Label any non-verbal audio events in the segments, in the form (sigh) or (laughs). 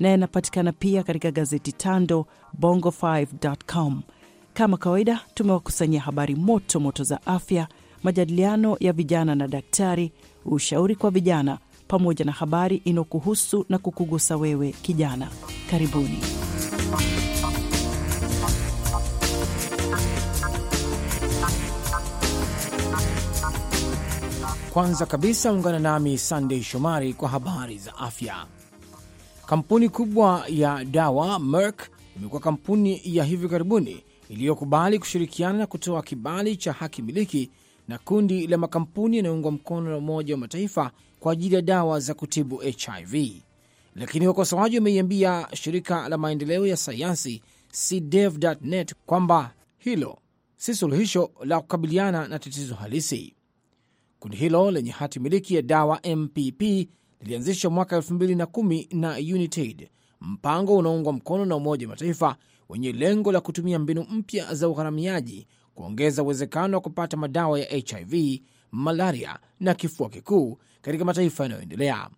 na yanapatikana pia katika gazeti Tando Bongo5.com. Kama kawaida, tumewakusanyia habari moto moto za afya, majadiliano ya vijana na daktari, ushauri kwa vijana, pamoja na habari inayokuhusu na kukugusa wewe kijana. Karibuni. Kwanza kabisa ungana nami Sandei Shomari kwa habari za afya. Kampuni kubwa ya dawa Merck imekuwa kampuni ya hivi karibuni iliyokubali kushirikiana kutoa kibali cha haki miliki na kundi la makampuni yanayoungwa mkono na Umoja wa Mataifa kwa ajili ya dawa za kutibu HIV, lakini wakosoaji wameiambia shirika la maendeleo ya sayansi CDEV.net kwamba hilo si suluhisho la kukabiliana na tatizo halisi. Kundi hilo lenye hati miliki ya dawa MPP lilianzishwa mwaka elfu na na Unitaid, mpango unaoungwa mkono na Umoja wa Mataifa wenye lengo la kutumia mbinu mpya za ugharamiaji kuongeza uwezekano wa kupata madawa ya HIV, malaria na kifua kikuu katika mataifa yanayoendelea.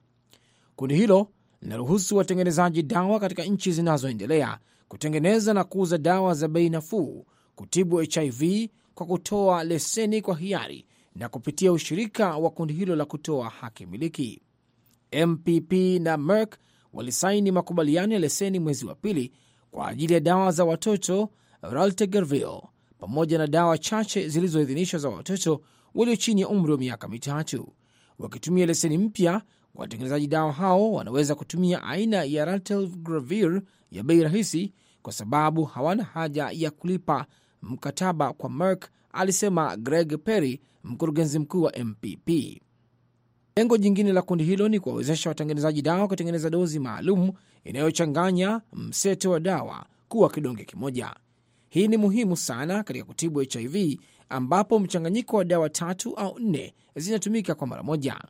Kundi hilo linaruhusu watengenezaji dawa katika nchi zinazoendelea kutengeneza na kuuza dawa za bei nafuu kutibu HIV kwa kutoa leseni kwa hiari na kupitia ushirika wa kundi hilo la kutoa haki miliki. MPP na Merck walisaini makubaliano ya leseni mwezi wa pili kwa ajili ya dawa za watoto Raltegravir pamoja na dawa chache zilizoidhinishwa za watoto walio chini ya umri wa miaka mitatu. Wakitumia leseni mpya, watengenezaji dawa hao wanaweza kutumia aina ya Raltegravir ya bei rahisi kwa sababu hawana haja ya kulipa mkataba kwa Merck, alisema Greg Perry, mkurugenzi mkuu wa MPP. Lengo jingine la kundi hilo ni kuwawezesha watengenezaji dawa kutengeneza dozi maalum inayochanganya mseto wa dawa kuwa kidonge kimoja. Hii ni muhimu sana katika kutibu HIV ambapo mchanganyiko wa dawa tatu au nne zinatumika kwa mara moja.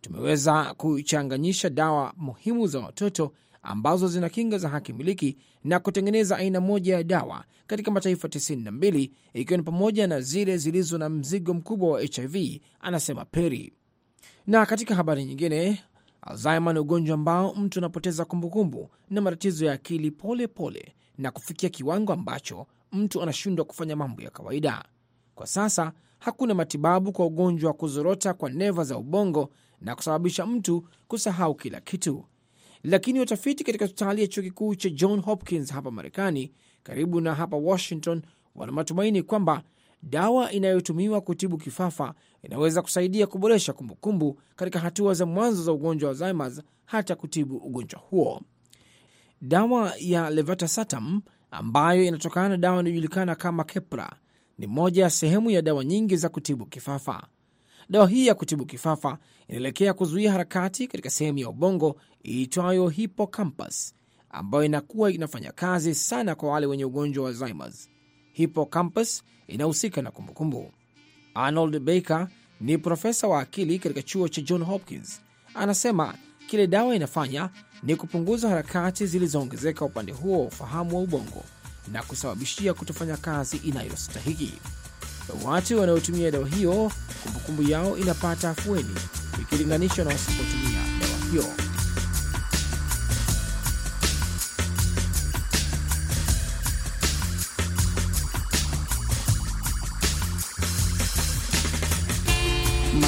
Tumeweza kuchanganyisha dawa muhimu za watoto ambazo zina kinga za haki miliki na kutengeneza aina moja ya dawa katika mataifa 92 ikiwa ni pamoja na zile zilizo na mzigo mkubwa wa HIV, anasema Perry. Na katika habari nyingine, Alzheimer ni ugonjwa ambao mtu anapoteza kumbukumbu na matatizo ya akili pole pole na kufikia kiwango ambacho mtu anashindwa kufanya mambo ya kawaida. Kwa sasa hakuna matibabu kwa ugonjwa wa kuzorota kwa neva za ubongo na kusababisha mtu kusahau kila kitu, lakini watafiti katika hospitali ya chuo kikuu cha John Hopkins hapa Marekani, karibu na hapa Washington, wana matumaini kwamba dawa inayotumiwa kutibu kifafa inaweza kusaidia kuboresha kumbukumbu katika hatua za mwanzo za ugonjwa wa Alzheimer's hata kutibu ugonjwa huo. Dawa ya levatasatam ambayo inatokana na dawa inayojulikana kama kepra ni moja ya sehemu ya dawa nyingi za kutibu kifafa. Dawa hii ya kutibu kifafa inaelekea kuzuia harakati katika sehemu ya ubongo iitwayo hipocampus ambayo inakuwa inafanya kazi sana kwa wale wenye ugonjwa wa zimers hipocampus inahusika na kumbukumbu. Arnold Baker ni profesa wa akili katika chuo cha John Hopkins. Anasema kile dawa inafanya ni kupunguza harakati zilizoongezeka upande huo wa ufahamu wa ubongo na kusababishia kutofanya kazi inayostahiki. Watu wanaotumia dawa hiyo kumbukumbu yao inapata afueni ikilinganishwa na wasipotumia dawa hiyo.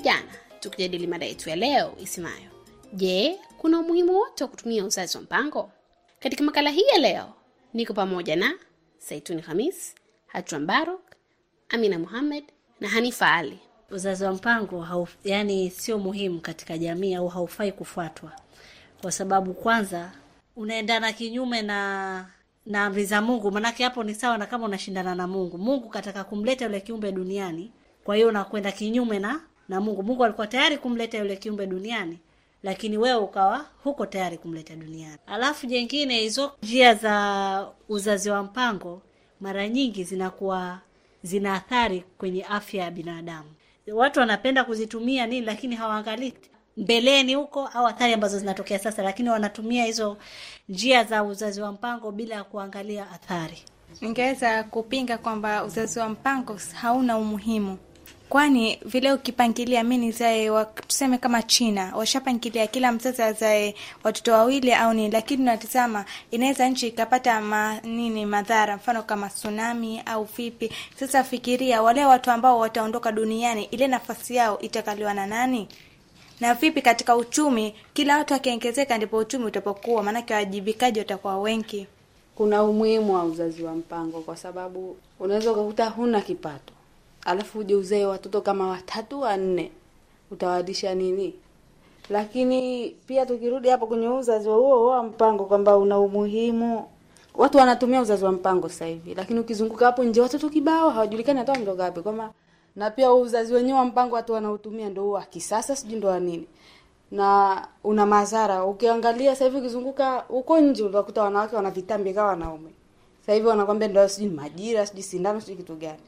vijana tukijadili mada yetu ya leo isemayo, je, kuna umuhimu wote wa kutumia uzazi wa mpango? Katika makala hii ya leo niko pamoja na Saituni Hamis, Hatua Mbaruk, Amina Muhamed na Hanifa Ali. Uzazi wa mpango hau, yani sio muhimu katika jamii au haufai kufuatwa kwa sababu kwanza unaendana kinyume na na amri za Mungu. Maanake hapo ni sawa na kama unashindana na Mungu. Mungu kataka kumleta yule kiumbe duniani, kwa hiyo unakwenda kinyume na na Mungu. Mungu alikuwa tayari kumleta yule kiumbe duniani, lakini wewe ukawa huko tayari kumleta duniani. Alafu jengine, hizo njia za uzazi wa mpango mara nyingi zinakuwa zina athari kwenye afya ya binadamu. Watu wanapenda kuzitumia nini, lakini hawaangalii mbeleni huko au athari ambazo zinatokea sasa, lakini wanatumia hizo njia za uzazi wa mpango bila ya kuangalia athari. Ningeweza kupinga kwamba uzazi wa mpango hauna umuhimu kwani vile ukipangilia mi nizae tuseme kama China washapangilia kila mzazi azae watoto wawili au nini, lakini unatizama inaweza nchi ikapata ma, nini madhara, mfano kama tsunami au vipi. Sasa fikiria wale watu ambao wataondoka duniani, ile nafasi yao itakaliwa na nani? na vipi katika uchumi, kila watu akiongezeka ndipo uchumi utapokuwa, maanake wajibikaji watakuwa wengi. Kuna umuhimu wa uzazi wa mpango, kwa sababu unaweza ukakuta huna kipato alafu uje uzee watoto kama watatu wanne, utawadisha nini? Lakini pia tukirudi hapo kwenye uzazi wa huo wa mpango kwamba una umuhimu, watu wanatumia uzazi wa mpango sasa hivi, lakini ukizunguka hapo nje watoto kibao hawajulikani hata wametoka wapi, kwamba na pia uzazi wenyewe wa mpango watu wanaotumia ndo huo wa kisasa, sijui ndo wa nini na una madhara. Ukiangalia sasa hivi ukizunguka huko nje utakuta wanawake wana vitambi kama wanaume. Sasa hivi wanakwambia ndio, sijui majira, sijui sindano, sijui kitu gani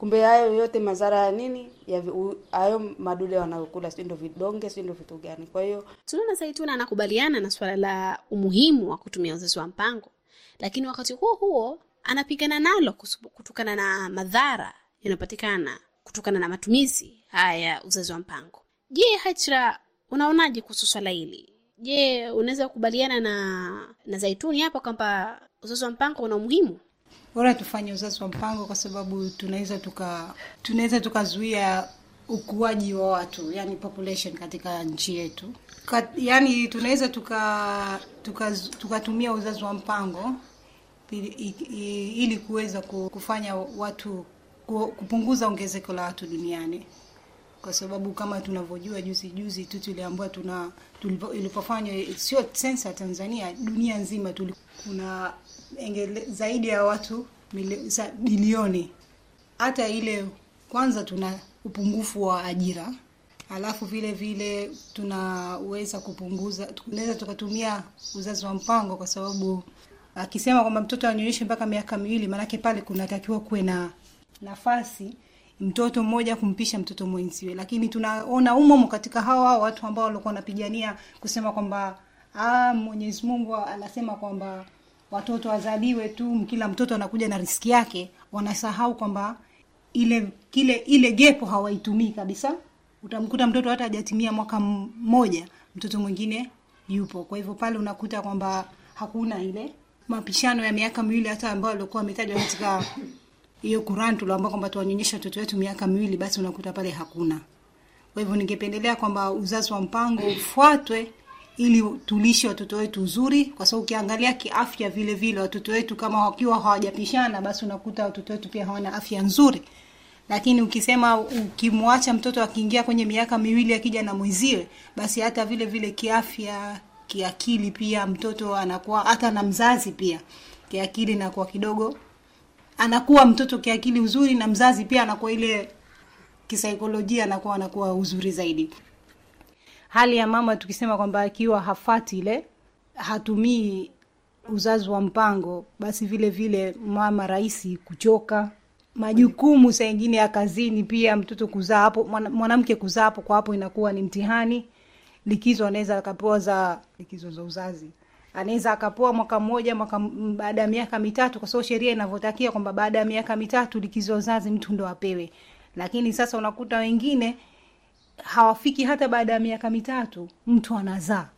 kumbe hayo yote madhara ya nini ya hayo madude wanayokula, sio ndo vidonge, sio ndo vitu gani? Kwa hiyo tunaona Zaituna anakubaliana na swala la umuhimu wa kutumia uzazi wa mpango, lakini wakati huo huo anapigana nalo kutokana na madhara yanayopatikana kutokana na matumizi haya uzazi wa mpango. Je, Hajra, unaonaje kuhusu swala hili? Je, unaweza kukubaliana na na Zaituni hapo kwamba uzazi wa mpango una umuhimu? bora tufanye uzazi wa mpango, kwa sababu tunaweza tuka tunaweza tukazuia ukuaji wa watu, yani population katika nchi yetu Kat, yani tunaweza tuka tukatumia tuka uzazi wa mpango ili, ili kuweza kufanya watu kupunguza ongezeko la watu duniani kwa sababu kama tunavyojua juzi juzi tu tuliambiwa, tuna ilipofanywa sio sensa Tanzania, dunia nzima kuna zaidi ya watu bilioni. Hata ile kwanza, tuna upungufu wa ajira, alafu vile vile tunaweza kupunguza, tunaweza tukatumia uzazi wa mpango, kwa sababu akisema kwamba mtoto anyonyeshe mpaka miaka miwili, maanake pale kunatakiwa kuwe na nafasi mtoto mmoja kumpisha mtoto mwenziwe, lakini tunaona umomo katika hawa watu ambao walikuwa wanapigania kusema kwamba ah, Mwenyezi Mungu anasema kwamba watoto wazaliwe tu, kila mtoto anakuja na riski yake. Wanasahau kwamba ile kile ile gepo hawaitumii kabisa. Utamkuta mtoto hata hajatimia mwaka mmoja, mtoto mwingine yupo. Kwa hivyo pale unakuta kwamba hakuna ile mapishano ya miaka miwili hata ambayo alikuwa ametajwa katika hiyo Qur'an tuliambiwa kwamba tuwanyonyesha watoto wetu miaka miwili, basi unakuta pale hakuna. Kwa hivyo ningependelea kwamba uzazi wa mpango ufuatwe ili tulishe watoto wetu uzuri, kwa sababu ukiangalia kiafya vile vile watoto wetu kama wakiwa hawajapishana, basi unakuta watoto wetu pia hawana afya nzuri. Lakini ukisema ukimwacha mtoto akiingia kwenye miaka miwili akija na mwiziwe, basi hata vile vile kiafya, kiakili pia mtoto anakuwa hata na mzazi pia kiakili na kwa kidogo anakuwa mtoto kiakili uzuri, na mzazi pia anakuwa ile kisaikolojia anakuwa anakuwa uzuri zaidi. Hali ya mama tukisema kwamba akiwa hafati ile hatumii uzazi wa mpango, basi vile vile mama rahisi kuchoka majukumu saingine ya kazini, pia mtoto kuzaa hapo, mwanamke kuzaa hapo kwa hapo inakuwa ni mtihani. Likizo anaweza akapewa za likizo za uzazi anaweza akapoa mwaka mmoja mwaka baada ya miaka mitatu, kwa sababu sheria inavyotakia kwamba baada ya miaka mitatu likizo uzazi mtu ndo apewe. Lakini sasa unakuta wengine hawafiki hata baada ya miaka mitatu, mtu anazaa.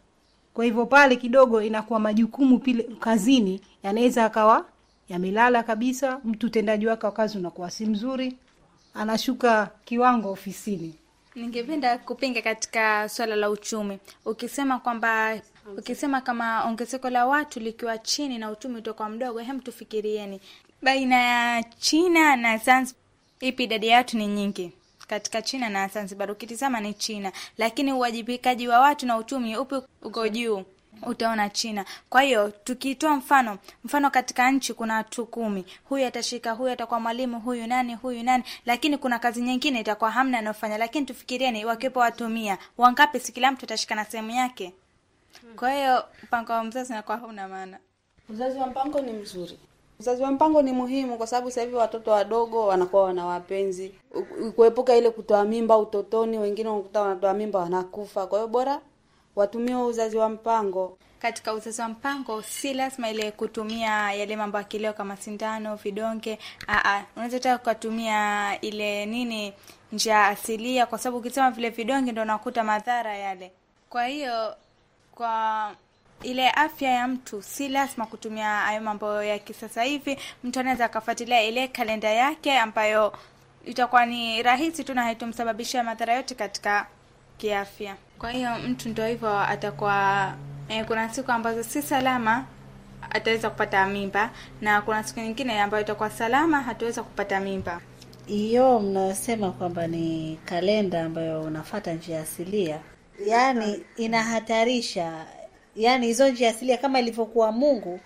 Kwa hivyo pale kidogo inakuwa majukumu pile kazini yanaweza akawa yamelala kabisa, mtu utendaji wake wa kazi unakuwa si mzuri, anashuka kiwango ofisini. Ningependa kupinga katika swala la uchumi, ukisema kwamba Ukisema kama ongezeko la watu likiwa chini na uchumi utakuwa mdogo, hem, tufikirieni baina ya China na Zanzibar, ipi idadi ya watu ni nyingi katika China na Zanzibar? Ukitizama ni China, lakini uwajibikaji wa watu na uchumi upi uko juu? Utaona China. Kwa hiyo tukitoa mfano, mfano katika nchi kuna watu kumi, huyu atashika, huyu atakuwa mwalimu, huyu nani, huyu nani, lakini kuna kazi nyingine itakuwa hamna anayofanya. Lakini tufikirieni, wakiwepo watu mia, wangapi? Si kila mtu atashika na sehemu yake. Hmm. Kwa hiyo mpango wa mzazi unakuwa hauna maana. Uzazi wa mpango ni mzuri, uzazi wa mpango ni muhimu kwa sababu sasa hivi watoto wadogo wanakuwa wana wapenzi, kuepuka ile kutoa mimba utotoni. Wengine wanakuta wanatoa mimba wanakufa. Kwa hiyo bora watumie uzazi wa mpango. Katika uzazi wa mpango si lazima ile kutumia yale mambo ya kileo kama sindano, vidonge. Unaweza ukatumia kutumia ile nini, njia asilia, kwa sababu ukisema vile vidonge ndo unakuta madhara yale. Kwa hiyo kwa ile afya ya mtu, si lazima kutumia hayo mambo ya kisasa hivi. Mtu anaweza akafuatilia ile kalenda yake ambayo itakuwa ni rahisi tu na haitumsababishia madhara yote katika kiafya. Kwa hiyo mtu ndo hivyo atakuwa eh, kuna siku ambazo si salama ataweza kupata mimba na kuna siku nyingine ambayo itakuwa salama hatuweza kupata mimba. Hiyo mnasema kwamba ni kalenda ambayo unafata njia asilia yani inahatarisha yani hizo njia asilia kama ilivyokuwa Mungu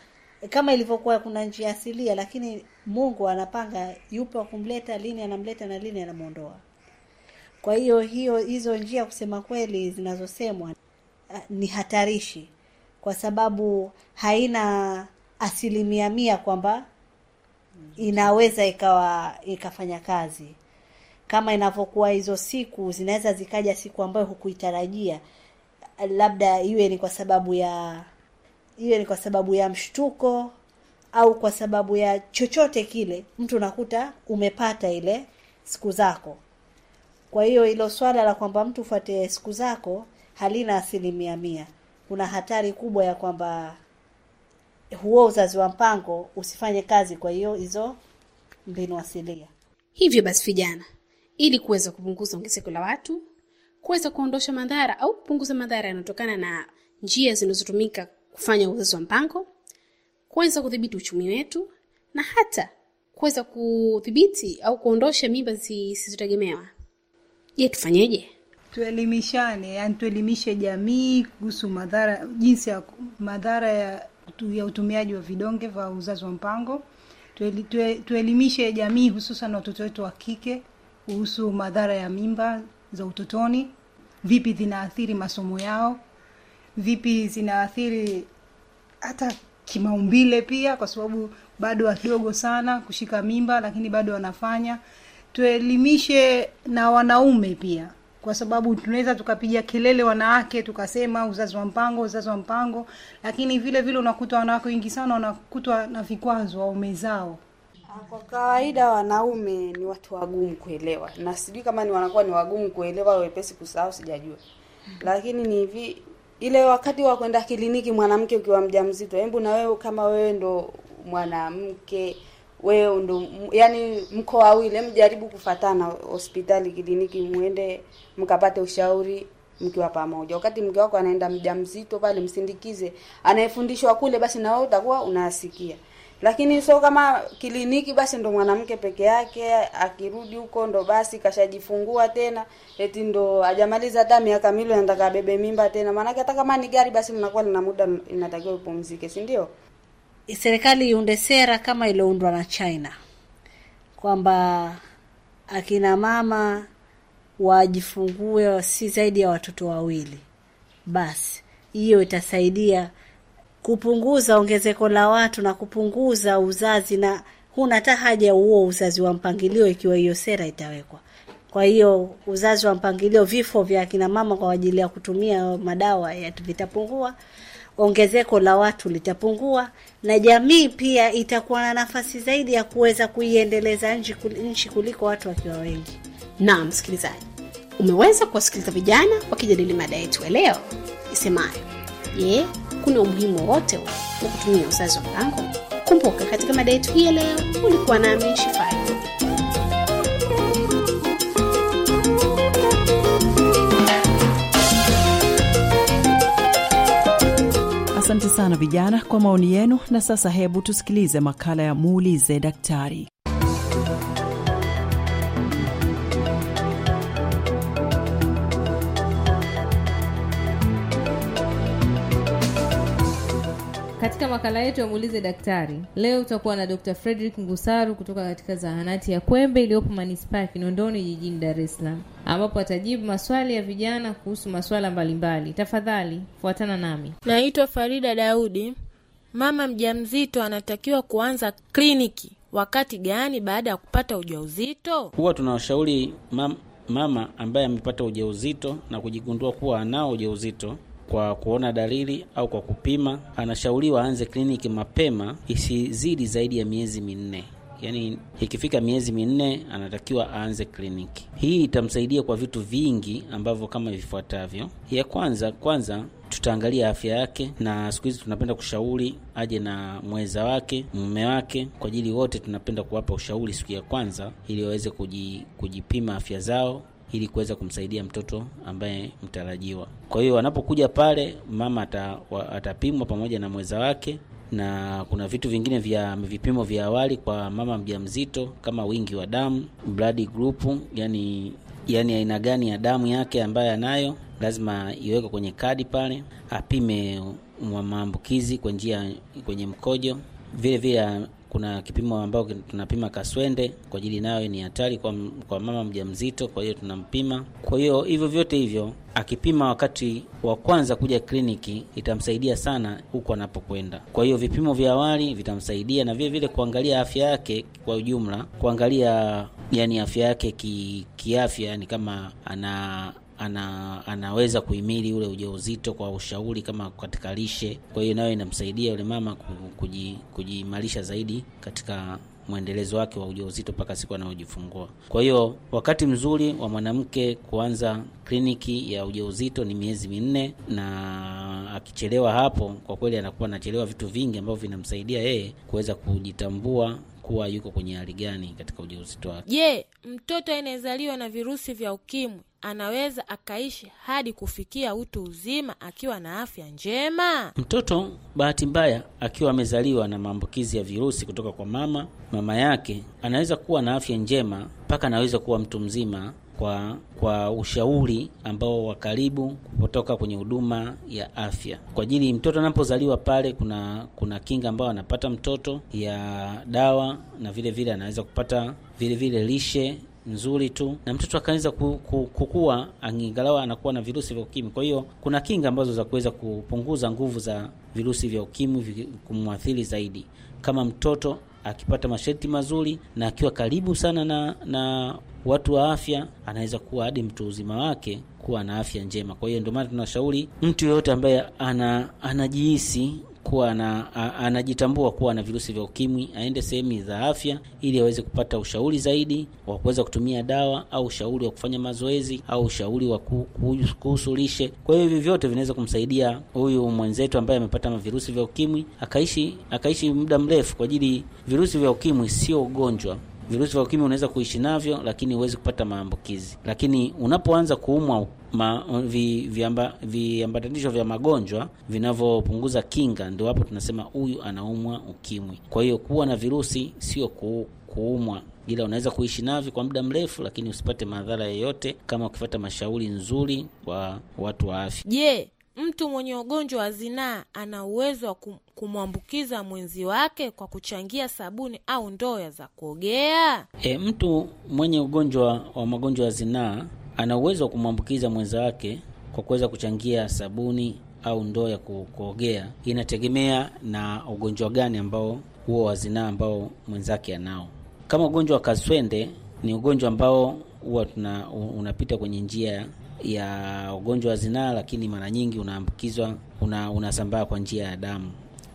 kama ilivyokuwa kuna njia asilia, lakini Mungu anapanga yupo kumleta lini, anamleta na lini anamuondoa. Kwa hiyo hiyo hizo njia kusema kweli zinazosemwa eh, ni hatarishi, kwa sababu haina asilimia mia kwamba inaweza ikawa ikafanya kazi kama inavyokuwa hizo siku zinaweza zikaja siku ambayo hukuitarajia, labda iwe ni kwa sababu ya iwe ni kwa sababu ya mshtuko au kwa sababu ya chochote kile, mtu nakuta umepata ile siku zako. Kwa hiyo hilo swala la kwamba mtu ufuate siku zako halina asilimia mia. Kuna hatari kubwa ya kwamba huo uzazi wa mpango usifanye kazi, kwa hiyo hizo mbinu asilia. Hivyo basi vijana ili kuweza kupunguza ongezeko la watu, kuweza kuondosha madhara au kupunguza madhara yanayotokana na njia zinazotumika kufanya uzazi wa mpango, kuweza kudhibiti uchumi wetu na hata kuweza kudhibiti au kuondosha mimba zisizotegemewa. Je, tufanyeje? Tuelimishane, yani tuelimishe jamii kuhusu madhara, jinsi ya madhara ya, ya utumiaji wa vidonge vya uzazi wa mpango. Tuelimishe jamii hususan watoto wetu wa kike kuhusu madhara ya mimba za utotoni, vipi zinaathiri masomo yao, vipi zinaathiri hata kimaumbile pia, kwa sababu bado wadogo sana kushika mimba, lakini bado wanafanya. Tuelimishe na wanaume pia, kwa sababu tunaweza tukapiga kelele wanawake tukasema uzazi wa mpango, uzazi wa mpango, lakini vile vile unakuta wanawake wengi sana wanakutwa na vikwazo waume zao kwa kawaida wanaume ni watu wagumu kuelewa, na sijui kama ni wanakuwa ni wagumu kuelewa au wepesi kusahau, sijajua lakini ni hivi, ile wakati wa kwenda kliniki mwanamke ukiwa mjamzito, hebu na wewe kama wewe ndo mwanamke wewe ndo yani, mko wawili, mjaribu kufatana hospitali, kliniki, muende mkapate ushauri mkiwa pamoja. Wakati mke wako anaenda mjamzito pale, msindikize, anayefundishwa kule, basi na wewe utakuwa unasikia lakini sio kama kliniki basi ndo mwanamke peke yake akirudi huko ndo basi kashajifungua tena, eti ndo ajamaliza hata miaka milo anataka bebe mimba tena. Maanake hata kama ni gari basi mnakuwa lina muda inatakiwa upumzike, si ndio? Serikali iunde sera kama iliyoundwa na China kwamba akina mama wajifungue si zaidi ya watoto wawili, basi hiyo itasaidia kupunguza ongezeko la watu na kupunguza uzazi, na huna hata haja huo uzazi wa mpangilio ikiwa hiyo sera itawekwa. Kwa hiyo uzazi wa mpangilio, vifo vya akina mama kwa ajili ya kutumia madawa vitapungua, ongezeko la watu litapungua, na jamii pia itakuwa na nafasi zaidi ya kuweza kuiendeleza nchi kuliko watu wakiwa wengi. Na msikilizaji, umeweza kuwasikiliza vijana wakijadili mada yetu ya leo isemayo Je, kuna umuhimu wote wa kutumia uzazi wa mlango? Kumbuka, katika mada yetu hii leo ulikuwa nami Shifai. Asante sana vijana kwa maoni yenu, na sasa hebu tusikilize makala ya muulize daktari. Katika makala yetu ya muulize daktari, leo tutakuwa na Dr. Frederick Ngusaru kutoka katika zahanati ya Kwembe iliyopo manispaa ya Kinondoni jijini Dar es Salaam, ambapo atajibu maswali ya vijana kuhusu masuala mbalimbali. Tafadhali fuatana nami. Naitwa Farida Daudi. Mama mjamzito anatakiwa kuanza kliniki wakati gani baada ya kupata ujauzito? Huwa tunawashauri mam, mama ambaye amepata ujauzito na kujigundua kuwa anao ujauzito kwa kuona dalili au kwa kupima, anashauriwa aanze kliniki mapema, isizidi zaidi ya miezi minne. Yaani ikifika miezi minne anatakiwa aanze kliniki. Hii itamsaidia kwa vitu vingi ambavyo kama vifuatavyo. Ya kwanza kwanza tutaangalia afya yake, na siku hizi tunapenda kushauri aje na mweza wake, mume wake, kwa ajili wote tunapenda kuwapa ushauri siku ya kwanza, ili waweze kujipima afya zao ili kuweza kumsaidia mtoto ambaye mtarajiwa. Kwa hiyo wanapokuja pale, mama atapimwa pamoja na mweza wake, na kuna vitu vingine vya vipimo vya awali kwa mama mjamzito kama wingi wa damu, blood group, yani yani aina gani ya damu yake ambayo anayo, lazima iwekwe kwenye kadi pale, apime maambukizi kwa njia kwenye mkojo, vile vile kuna kipimo ambao tunapima kaswende kwa ajili nayo ni hatari kwa, kwa mama mjamzito, kwa hiyo tunampima. Kwa hiyo hivyo vyote hivyo akipima wakati wa kwanza kuja kliniki itamsaidia sana huko anapokwenda. Kwa hiyo vipimo vya awali vitamsaidia na vile vile kuangalia afya yake kwa ujumla, kuangalia yani afya yake ki, kiafya yani kama ana ana, anaweza kuhimili ule ujauzito kwa ushauri kama katika lishe. Kwa hiyo nayo inamsaidia yule mama kujiimarisha zaidi katika mwendelezo wake wa ujauzito mpaka siku anayojifungua. Kwa hiyo wakati mzuri wa mwanamke kuanza kliniki ya ujauzito ni miezi minne, na akichelewa hapo, kwa kweli anakuwa anachelewa vitu vingi ambavyo vinamsaidia yeye kuweza kujitambua kuwa yuko kwenye hali gani katika ujauzito wake. Je, mtoto anayezaliwa na virusi vya ukimwi anaweza akaishi hadi kufikia utu uzima akiwa na afya njema? Mtoto bahati mbaya akiwa amezaliwa na maambukizi ya virusi kutoka kwa mama mama yake, anaweza kuwa na afya njema mpaka anaweza kuwa mtu mzima kwa kwa ushauri ambao wa karibu kutoka kwenye huduma ya afya. Kwa ajili mtoto anapozaliwa pale, kuna kuna kinga ambayo anapata mtoto ya dawa, na vile vile anaweza kupata vile vile lishe nzuri tu, na mtoto akaanza kukua, angalau anakuwa na virusi vya ukimwi. Kwa hiyo kuna kinga ambazo za kuweza kupunguza nguvu za virusi vya ukimwi kumwathiri zaidi, kama mtoto akipata masharti mazuri na akiwa karibu sana na, na watu wa afya, anaweza kuwa hadi mtu uzima wake kuwa na afya njema. Kwa hiyo ndio maana tunashauri mtu yoyote ambaye ana anajihisi kuwa na, a, anajitambua kuwa na virusi vya ukimwi aende sehemu za afya ili aweze kupata ushauri zaidi wa kuweza kutumia dawa au ushauri wa kufanya mazoezi au ushauri wa kuhusu lishe. Kwa hiyo hivi vyote vinaweza kumsaidia huyu mwenzetu ambaye amepata virusi vya ukimwi akaishi akaishi muda mrefu, kwa ajili virusi vya ukimwi sio ugonjwa virusi vya ukimwi unaweza kuishi navyo, lakini huwezi kupata maambukizi. Lakini unapoanza kuumwa ma, vi, viamba, viambatanisho vya magonjwa vinavyopunguza kinga, ndio hapo tunasema huyu anaumwa ukimwi. Kwa hiyo kuwa na virusi sio ku, kuumwa ila unaweza kuishi navyo kwa muda mrefu, lakini usipate madhara yoyote kama ukifata mashauri nzuri kwa watu wa afya. Je, mtu mwenye ugonjwa wa zinaa ana uwezo wa kumwambukiza mwenzi wake kwa kuchangia sabuni au ndoo za kuogea? E, mtu mwenye ugonjwa wa magonjwa ya zinaa ana uwezo wa kumwambukiza mwenza wake kwa kuweza kuchangia sabuni au ndoo ya kuogea. Inategemea na ugonjwa gani ambao huo wa zinaa ambao mwenzake anao. Kama ugonjwa wa kaswende ni ugonjwa ambao huwa unapita kwenye njia ya ugonjwa wa zinaa, lakini mara nyingi unaambukizwa, una, unasambaa kwa njia ya damu.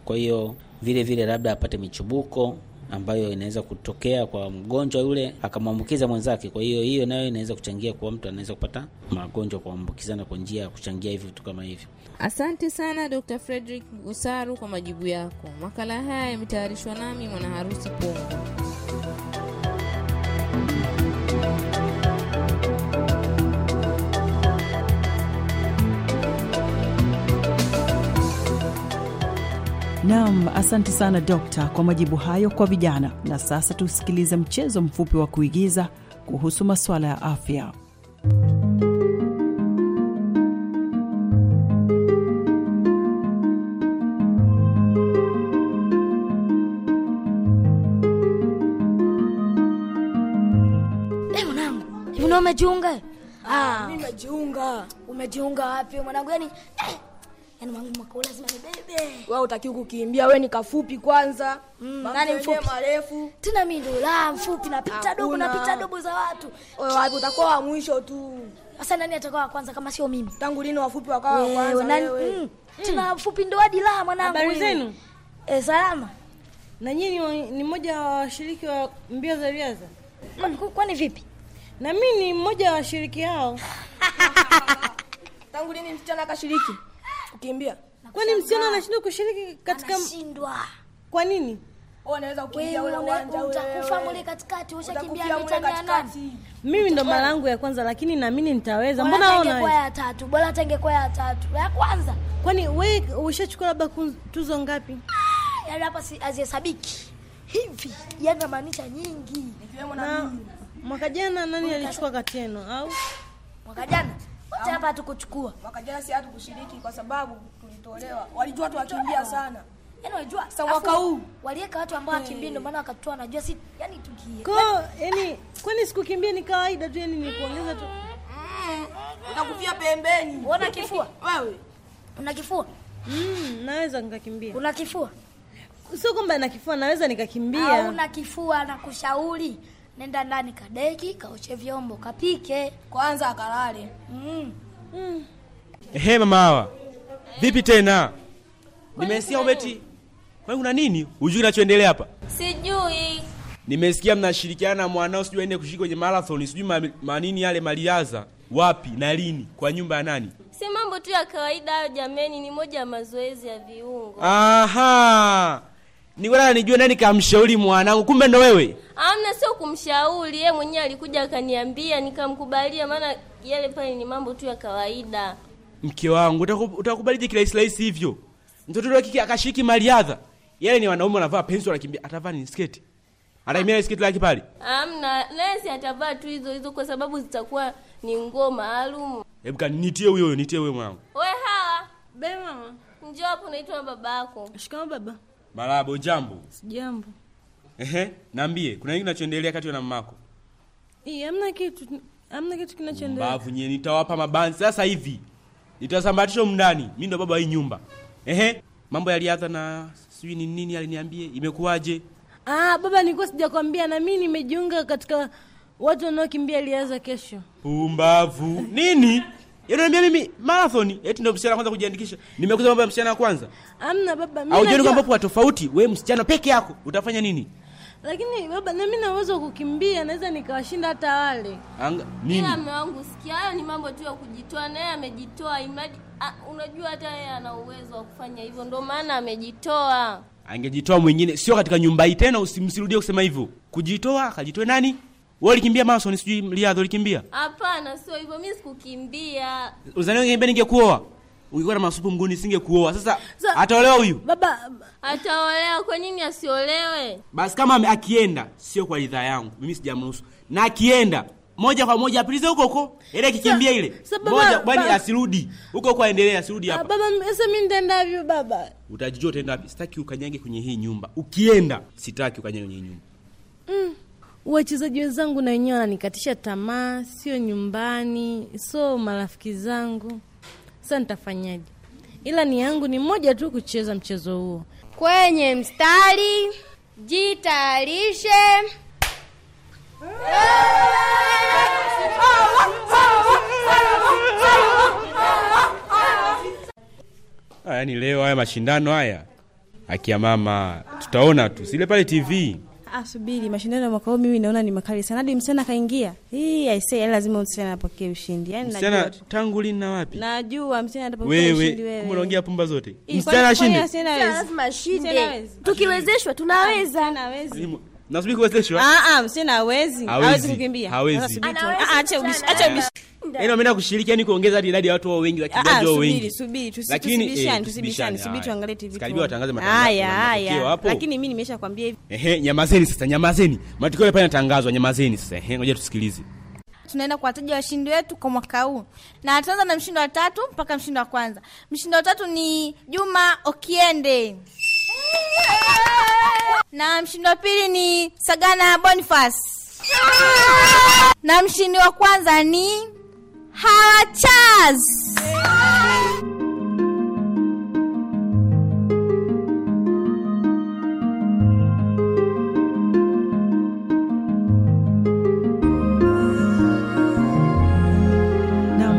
Kwa hiyo vile vile labda apate michubuko ambayo inaweza kutokea kwa mgonjwa yule akamwambukiza mwenzake. Kwa hiyo hiyo nayo inaweza kuchangia kuwa mtu anaweza kupata magonjwa kuambukizana kwa njia ya kuchangia hivi vitu kama hivyo. Asante sana Dr. Frederick Gusaru kwa majibu yako. Makala haya yametayarishwa nami mwana harusi Pongo. Naam, asante sana dokta kwa majibu hayo kwa vijana. Na sasa tusikilize mchezo mfupi wa kuigiza kuhusu masuala ya afya. Eh, Unajiunga? ah, mimi Umejiunga wapi mwanangu? Yani eh, yani mwangu mwaka lazima nibebe. Wewe utaki kukimbia, wewe ni kafupi kwanza. Mm, nani mfupi marefu? Tena mimi ndio la mfupi, napita dogo, napita dogo za watu. Wewe wapi utakuwa wa mwisho tu. Sasa nani atakuwa wa kwanza kama sio mimi? Tangu lini wafupi wakawa wa kwanza nani? Wewe. Mm, mm, tena mfupi ndio hadi la mwanangu. Habari zenu? Eh, salama. Na nyinyi ni mmoja wa washiriki wa mbio za riadha? Mm. Kwani vipi? Na mimi ni mmoja wa washiriki hao. (laughs) Tangu lini msichana akashiriki? kukimbia. Kwani msichana anashindwa kushiriki katika? Anashindwa kwa nini? Mimi ndo mara yangu ya kwanza, lakini naamini nitaweza. Mbona tatu bora atangekuwa ya tatu ya kwanza. Kwani we ushachukua labda tuzo ngapi? Ah, yani hapa si azihesabiki hivi, yani maanisha nyingi. Na Mwaka jana nani alichukua kateno au mwaka jana wote hapa hatukuchukua. Mwaka jana si hatukushiriki kwa sababu tulitolewa, walijua tu wakimbia sana. Yaani walijua sasa mwaka huu waliweka watu ambao wakimbia, ndio maana wakatoa Najua si yani tukie kwa yani, kwani sikukimbia ni kawaida tu, yani ni kuongeza tu. Unakufia pembeni. Unaona kifua (laughs) wewe, una kifua mm, naweza nikakimbia. Una kifua, sio kwamba na kifua, naweza nikakimbia. Au una kifua, na kushauri nenda ndani kadeki, kaoche vyombo, kapike kwanza, akalale. mm. mm. Ehe, mama hawa vipi tena? Nimesikia umeti, kwani kuna nini? Hujui kinachoendelea hapa? Sijui. Nimesikia mnashirikiana na mwanao, sijui aende kushiriki kwenye marathon, sijui manini yale maliaza, wapi na lini, kwa nyumba ya nani? Si mambo tu ya kawaida hayo jameni, ni moja ya mazoezi ya viungo. Aha. Nikwenda nijue nani kamshauri mwanangu, kumbe ndo wewe. Amna, sio kumshauri, yeye mwenyewe alikuja akaniambia nikamkubalia, maana yale pale ni mambo tu ya kawaida. Mke wangu, utakubalije kirahisi rahisi hivyo? Mtoto wa kike akashiriki maliadha. Yale ni wanaume wanavaa pensi wanakimbia, atavaa ni sketi. Anaimia ile sketi lake pale. Amna, si atavaa tu hizo hizo kwa sababu zitakuwa ni nguo maalum. Hebu kanitie huyo huyo, nitie huyo mwanangu. Wewe hawa. Be mama. Njoo hapo naitwa babako. Shikamoo baba. Marabo, jambo. Sijambo. Ehe, naambie, kuna nini kinachoendelea kati na mamako? Eh, hamna kitu. Hamna kitu kinachoendelea. Mbavu nyewe nitawapa mabanzi sasa hivi. Nitasambatisha mndani. Mimi ndo baba wa hii nyumba. Ehe, mambo yalianza na sijui ni nini aliniambie, imekuwaje? Ah, baba nilikuwa sijakwambia na mimi nimejiunga katika watu wanaokimbia alianza kesho. Pumbavu. Nini? Yanaambia mimi marathon eti ndio msichana kwanza kujiandikisha. Nimekuza mambo ya msichana wa kwanza. Amna baba, mimi. Haujui kwamba kwa tofauti wewe msichana peke yako utafanya nini? Lakini baba na mimi na uwezo kukimbia naweza nikawashinda hata wale. Anga mimi. Ila mume wangu sikia hayo ni mambo tu ya kujitoa naye amejitoa imradi unajua hata yeye ana uwezo wa kufanya hivyo ndio maana amejitoa. Angejitoa mwingine sio katika nyumba hii tena usimsirudie kusema hivyo. Kujitoa akajitoe nani? Wewe ulikimbia Mason, sijui Riadha ulikimbia? Hapana, sio hivyo, mimi sikukimbia. Uzaniwe ningekuwa ningekuoa. Ungekuwa na masupu mguni singekuoa. Sasa so, ataolewa huyu? Baba ataolewa, kwa nini asiolewe? Basi kama akienda sio kwa ridhaa yangu. Mimi sijamruhusu. Na akienda moja kwa moja apilize huko huko. Ile kikimbia ile. So, so, moja bali asirudi. Huko huko aendelee asirudi ah, hapa. Baba, sasa mimi nitaenda wapi baba? Utajijua utaenda wapi? Sitaki ukanyage kwenye hii nyumba. Ukienda sitaki ukanyage kwenye hii nyumba. Mm wachezaji wenzangu na wenyewe wananikatisha tamaa, sio nyumbani, so marafiki zangu. sa nitafanyaje? Ila ni yangu ni moja tu kucheza mchezo huo. Kwenye mstari jitayarishe. Yaani leo haya mashindano haya, akia mama, tutaona tu sile pale TV. Ah, subiri mashindano ya mwaka huu mimi naona ni makali sana. Hadi msichana kaingia. Hii I say yaani lazima msichana apokee ushindi. Yani najua. Msichana tangu lini na wapi? Najua msichana atapokea ushindi wewe. Wewe unaongea pumba zote. Msichana ashinde. Lazima ashinde. Tukiwezeshwa tunaweza. Tunaweza. Nasubiri kuwezeshwa. Ah ah, na hawezi. Hawezi kukimbia. Hawezi. Ah, acha ubishi, acha ubishi. Yaani mimi na kushiriki yani kuongeza hadi idadi ya watu wao wengi ah, wakijaji wao wengi. Subiri, subiri, eh, tusibishane, tusibishane, subiri tuangalie TV. karibu watangaze matangazo. Haya, haya. Lakini mimi nimeshakwambia hivi. Ehe, nyamazeni sasa, nyamazeni. matukio yale pale yanatangazwa, nyamazeni sasa. Ehe, ngoja tusikilize. Tunaenda kuwataja washindi wetu kwa mwaka huu, na tutaanza na mshindi wa tatu mpaka mshindi wa kwanza. Mshindi wa tatu ni Juma Okiende na mshindi wa pili ni Sagana Boniface na mshindi wa kwanza ni Harachaz.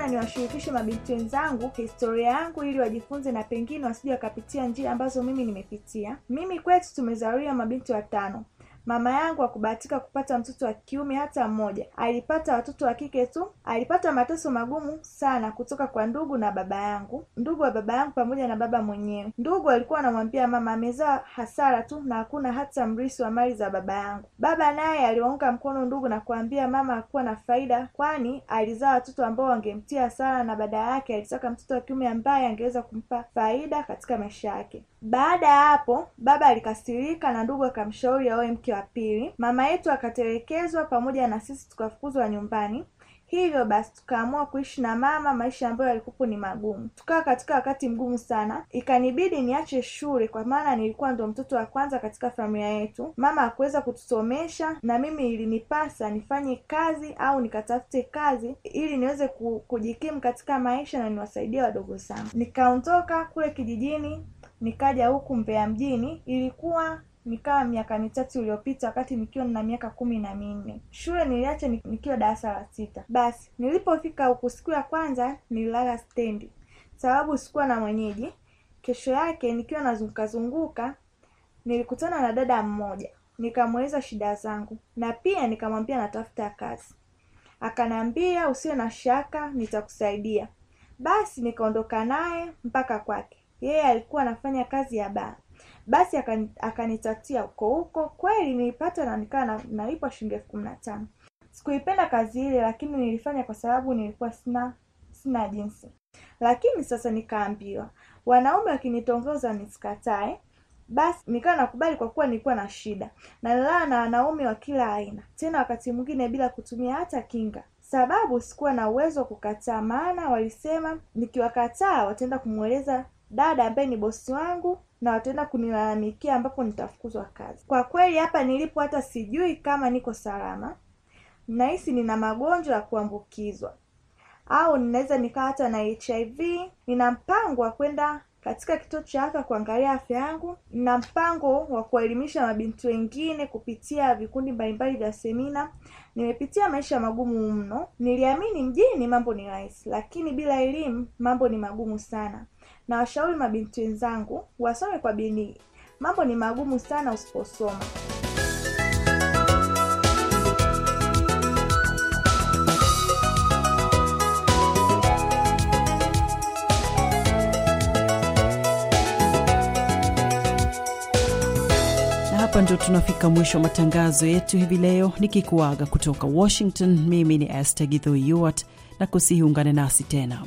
sana niwashirikishe mabinti wenzangu historia yangu ili wajifunze na pengine wasija wakapitia njia ambazo mimi nimepitia. Mimi kwetu tumezaliwa mabinti watano Mama yangu hakubahatika kupata mtoto wa kiume hata mmoja, alipata watoto wa kike tu. Alipata mateso magumu sana kutoka kwa ndugu na baba yangu, ndugu wa baba yangu pamoja na baba mwenyewe. Ndugu alikuwa anamwambia mama amezaa hasara tu na hakuna hata mrisi wa mali za baba yangu. Baba naye aliwaunga mkono ndugu na kuambia mama hakuwa na faida, kwani alizaa watoto ambao wangemtia hasara, na baada yake alitaka mtoto wa kiume ambaye angeweza kumpa faida katika maisha yake. Baada ya hapo baba alikasirika na ndugu akamshauri aoe mke wa pili. Mama yetu akatelekezwa pamoja na sisi tukafukuzwa nyumbani. Hivyo basi tukaamua kuishi na mama, maisha ambayo yalikuwa ni magumu. Tukawa katika wakati mgumu sana, ikanibidi niache shule kwa maana nilikuwa ndo mtoto wa kwanza katika familia yetu. Mama hakuweza kutusomesha na mimi ilinipasa nifanye kazi au nikatafute kazi ili niweze kujikimu katika maisha na niwasaidie wadogo zangu. Nikaondoka kule kijijini nikaja huku mbea mjini ilikuwa nikawa miaka mitatu iliyopita wakati nikiwa na miaka kumi na minne. Shule niliacha nikiwa darasa la sita. Basi nilipofika huku siku ya kwanza nililala stendi, sababu sikuwa na mwenyeji. Kesho yake nikiwa nazungukazunguka nilikutana na dada mmoja, nikamweleza shida zangu na pia nikamwambia natafuta kazi. akanaambia usiwe na shaka, nitakusaidia. Basi nikaondoka naye mpaka kwake yeye alikuwa anafanya kazi ya ba basi akanitatia huko huko kweli nilipata na nikawa nalipwa shilingi elfu kumi na tano sikuipenda kazi ile lakini nilifanya kwa sababu nilikuwa sina sina jinsi lakini sasa nikaambiwa wanaume wakinitongoza nisikatae basi nikawa nakubali kwa kuwa nilikuwa na shida nalala na wanaume wa kila aina tena wakati mwingine bila kutumia hata kinga sababu sikuwa na uwezo wa kukataa maana walisema nikiwakataa wataenda kumweleza dada ambaye ni bosi wangu na wataenda kunilalamikia ambapo nitafukuzwa kazi. Kwa kweli hapa nilipo hata sijui kama niko salama, nahisi nina magonjwa ya kuambukizwa au ninaweza nikaa hata na HIV. Nina mpango wa kwenda katika kituo cha afya kuangalia afya yangu. Nina mpango wa kuwaelimisha mabinti wengine kupitia vikundi mbalimbali vya semina. Nimepitia maisha magumu mno. Niliamini mjini mambo ni rahisi, lakini bila elimu mambo ni magumu sana na washauri mabinti wenzangu wasome kwa bidii, mambo ni magumu sana usiposoma. Hapa ndio tunafika mwisho wa matangazo yetu hivi leo, nikikuaga kutoka Washington. Mimi ni este Githo Yuart, na kusihi ungane nasi tena.